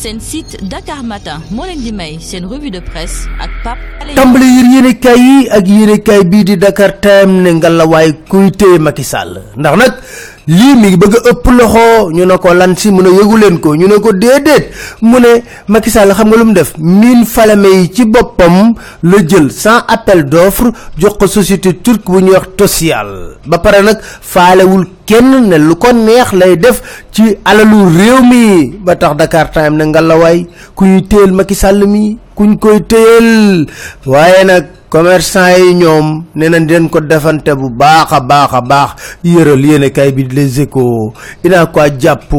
seen site Dakar Matin moo leen di may seen revue de presse ak Pape Alé. tàmbali yéenekaay yi ak yéenekaay bii di Dakar Time ne ngalawaay kuy téye Macky ndax nag. lii mi ngi bëgg ëpp loxo ñu ne ko lan si mu ne yëgu leen ko ñu ne ko déedéet mu ne Macky Sall xam nga lu mu def mine Falémé yi ci boppam la jël sans appel d'offre jox ko société turque bu ñuy wax Tosyal ba pare nag faalewul kenn ne lu ko neex lay def ci alalu réew mi ba tax Dakar Time ne nga la waay ku ñuy téyel Macky mi kuñ koy téyel waaye nag. commerçant yi ñoom nee nañ den ko defante bu baax a baax a baax yëral yéene kay bi les échos ina ko jàpp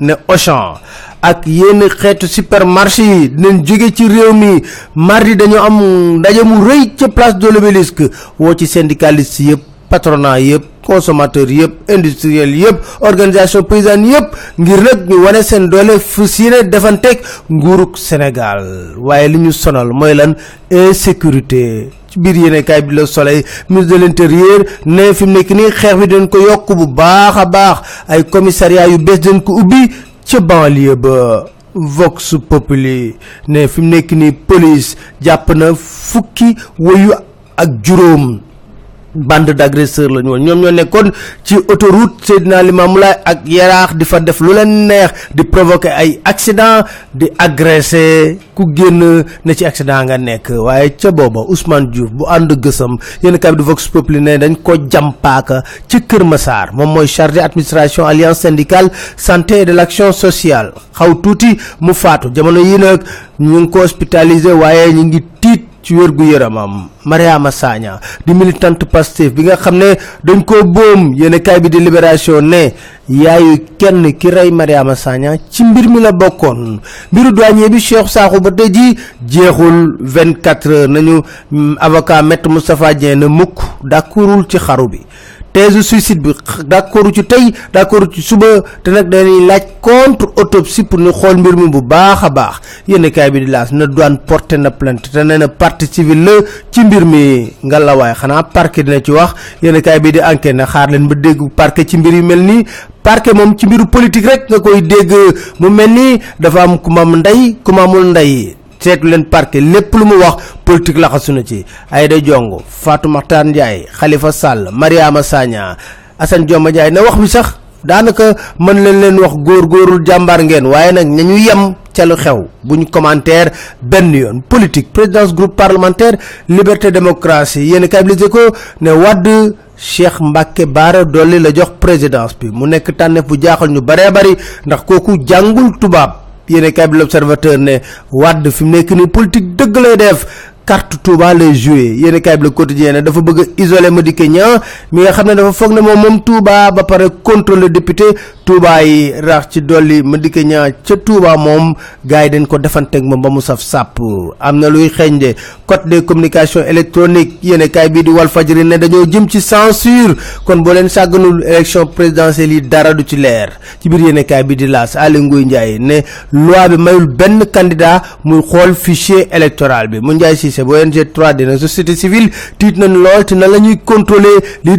ne Auchan ak yenn xeetu supermarché yi dinañ jóge ci réew mi mardi dañoo am ndaje mu rëy ca place de l'Obélisque woo ci syndicaliste yëpp patronat yëpp consommateur yëpp industriel yëpp organisation paysanne yëpp ngir nag ñu wane seen doole fu si ne defanteeg nguurug Sénégal waaye li ñu sonal mooy lan insécurité ci biir yéenekaay bi la Soleil ministre de l'intérieur ne fi mu nekk nii xeex bi dañ ko yokk bu baax a baax ay commissariat yu bees dañ ko ubbi ca banlieue ba Vox Populi ne fi mu nekk nii police jàpp na fukki woyu ak juróom bande d'agresseurs la ñu woon ñoom ñoo nekkoon ci autoroute Seydina Limamou Laye ak Yaraax di fa def lu leen neex di provoquer ay accident di agressé ku génn ne ci accident nga nekk waaye ca booba Ousmane Diouf bu ànd gësëm yéen kaay bi di Vox Populi ne dañ ko jàmpaaka ci Kër Massar moom mooy chargé administration alliance syndicale santé et de l'action sociale xaw tuuti mu faatu jamono yi nag ñu ngi ko hospitalisé waaye ñu ngi ci wér gu yaramam Mariama Sagna di militante Pastef bi nga xam ne dañ ko boom yéene kaay bi di libération ne yaayu kenn ki rey Mariama Sagna ci mbir mi la bokkoon mbiru douanier bi Cheikh Sakho ba tey ji jeexul 24 heures nañu avocat maître Moustapha Dieng mukk d'accordul ci xaru bi thèse suicide bi d'accord ci tey d'accord ci suba te nag dañuy laaj contre autopsie pour ñu xool mbir mi bu baax a baax yéen kaay bi di laas na douane porté na plainte te nee na partie civil la ci mbir mi nga la waaye xanaa parquet dina ci wax yéen kaay bi di enquête na xaar leen ba dégg parquet ci mbir yu mel nii parquet moom ci mbiru politique rek nga koy dégg mu mel ni dafa am ku ma am ndey ku amul ndey. seetu leen parquet lépp lu mu wax politique laxasu na ci Aïda Ndiongo Fatou Makhtar Ndiaye Khalifa Sall Mariama Sagna Assane Dioma Ndiaye na wax bi sax daanaka mën leen leen wax góor-góorul jàmbaar ngeen waaye nag nañu yem ca lu xew bu ñu commentaire benn yoon politique présidence groupe parlementaire liberté démocratie yéen kay bi ko ne wàdd Cheikh Mbacke Baara Dolli la jox présidence bi mu nekk tànneef bu jaaxal ñu baree bari ndax kooku jàngul tubaab. yéene kay bi l'observateur ne Wade fi mu nekk nii politique dëgg lay def carte Touba lay joué yéene kay bi le quotidien dafa bëgg a isolé Madické Niang mi nga xam ne dafa foog na moom moom Touba ba pare contrôle député Touba yi rax ci dolli Madické Niang ca Touba moom gars yi dañ ko defanteeg moom ba mu saf sàpp am na luy xeeñ de code des communications électroniques yéen kaay bii di Walfadjri ne dañoo jëm ci censure kon boo leen sàgganul élection présidentielle yi dara du ci leer ci biir yéen kaay bii di laas Aly nguy Ndiaye ne loi bi mayul benn candidat muy xool fichier électoral bi mu Ndiaye Cissé bu ONG 3D na société civile tiit nañ lool te na la ñuy contrôler lii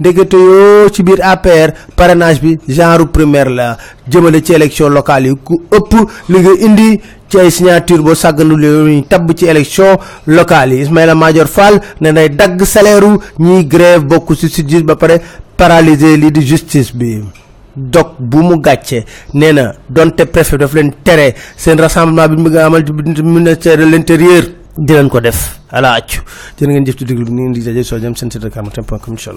di yoo ci biir APR parrainage bi genre première la jëmale ci élection locale yi ku ëpp li nga indi ci ay signature boo sàgganu leen tabb ci élection locale yi Ismaïla Madior Fall ne nay dagg salaire ñiy grève bokk ci sudjus ba pare paralyser lii di justice bi dog bu mu gàcce nee na donte préfet daf leen tere seen rassemblement bi mu nga amal ci ministère de l'intérieur dinañ ko def ala accu jërë ngeen jëf ci déglu ni ngeen di soo jëm seen site de karmatin